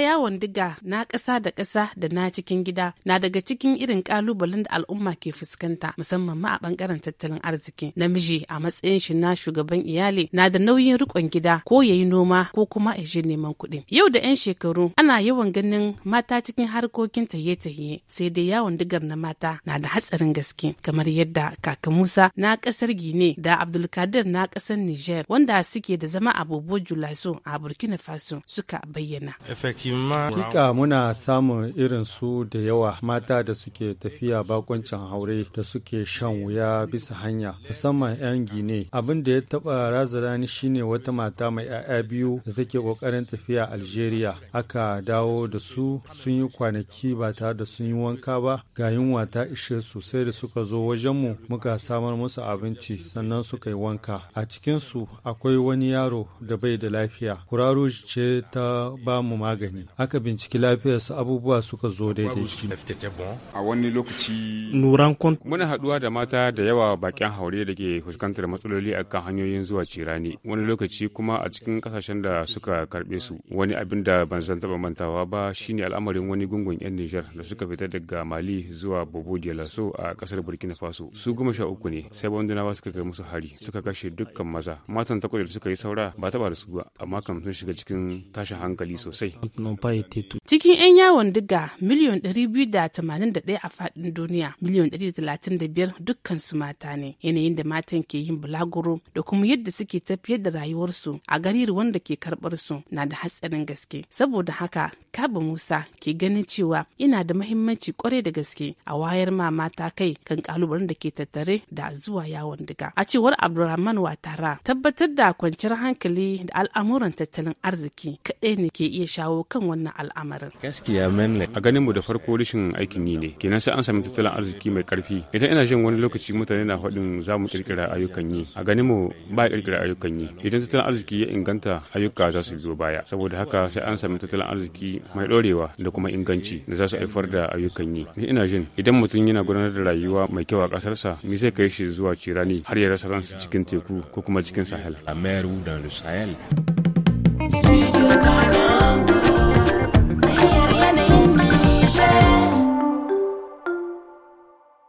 yawon diga na ƙasa da ƙasa da na cikin gida na daga cikin irin ƙalubalen da al'umma ke fuskanta musamman ma a ɓangaren tattalin arziki. Namiji a matsayin shi na shugaban iyali na da nauyin riƙon gida ko ya yi noma ko kuma ya je neman kuɗi. Yau da 'yan shekaru ana yawan ganin mata cikin harkokin tahiye-tahiye sai dai yawon digar na mata na da hatsarin gaske kamar yadda kaka Musa na ƙasar Gine da Abdulkadir na ƙasar Niger wanda suke da zama a Bobo Julaso a Burkina Faso suka bayyana. Hakika muna samun irin su da yawa mata da suke tafiya bakoncin haure da suke shan wuya bisa hanya musamman 'yan gine. Abin da ya taba razana ni shine wata mata mai 'ya'ya biyu da take kokarin tafiya Algeria. Aka dawo da su sun yi kwanaki ba tare da sun yi wanka ba ga yunwa ta ishe sai da suka zo wajenmu muka samar musu abinci sannan suka yi wanka. A cikinsu akwai wani yaro da bai da lafiya. kuraro ce ta bamu magani. aka binciki lafiyarsa abubuwa suka zo daidai a wani muna haduwa da mata da yawa bakin haure da ke fuskantar matsaloli a kan hanyoyin zuwa cirani wani lokaci kuma a cikin kasashen da suka karbe su wani abin da ban san taba mantawa ba shine al'amarin wani gungun yan Nijar da suka fita daga Mali zuwa Bobo Dioulasso a kasar Burkina Faso su goma sha uku ne sai bandunawa suka kai musu hari suka kashe dukkan maza matan takwas da suka yi saura ba taba da su ba amma kam sun shiga cikin tashin hankali sosai Cikin 'yan yawon diga miliyon 281 a faɗin duniya miliyon 135 dukkan su mata ne yanayin da matan ke yin bulaguro da kuma yadda suke tafiyar da rayuwarsu a gari wanda ke karɓar su na da hatsarin gaske. Saboda haka Kaba Musa ke ganin cewa yana da mahimmanci kwarai da gaske a wayar ma mata kai kan kalubalen da ke tattare da zuwa yawon diga. A cewar Abdulrahman Watara tabbatar da kwanciyar hankali da al'amuran tattalin arziki kaɗai ne ke iya shawo kan akan wannan al'amarin gaskiya menle a ganin mu da farko rashin aikin yi ne kenan sai an sami tattalin arziki mai karfi idan ina jin wani lokaci mutane na faɗin za mu kirkira ayyukan yi a ganin mu ba kirkira ayyukan yi idan tattalin arziki ya inganta ayyuka za su biyo baya saboda haka sai an sami tattalin arziki mai ɗorewa da kuma inganci da za su haifar da ayyukan yi ni ina jin idan mutum yana gudanar da rayuwa mai kyau a ƙasarsa me zai kai shi zuwa cirani har ya rasa ransa cikin teku ko kuma cikin sahel. Ameru da Sahel.